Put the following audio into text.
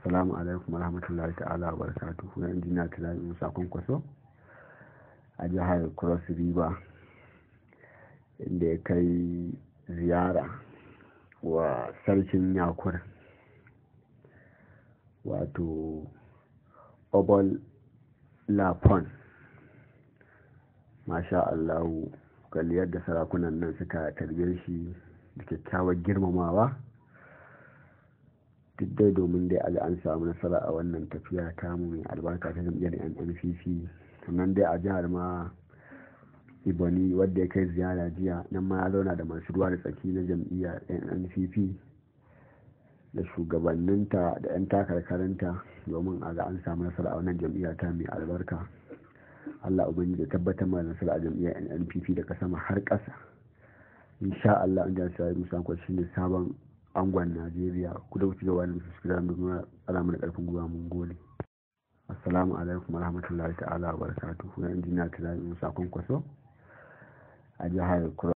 assalamu alaikum warahmatullahi ta'ala wa barakatuhu na jina tilabi musa kwankwaso a jihar cross river inda ya kai ziyara wa sarkin yakur wato obol lafon masha allahu kalli da sarakunan nan suka tarbe shi da kyakkyawar girmamawa duk dai domin dai ali an samu nasara a wannan tafiya ta mu mai albarka ta jam'iyyar nnpc sannan dai a jihar ma ibani wadda ya kai ziyara jiya nan ma ya zauna da masu ruwa da tsaki na jam'iyyar nnpp da shugabanninta da 'yan takarkarinta domin a ga an samu nasara a wannan jam'iyyar ta mai albarka allah ubangiji da tabbatar mana nasara a jam'iyyar nnpp daga sama har ƙasa insha allah inda sa rusa shine sabon angon najeriya ku da kuke su da musu kira da nuna alamun karfin gwiwa mun gode assalamu alaikum warahmatullahi ta'ala wa barakatuhu na injiniya tilami musa kwankwaso a jihar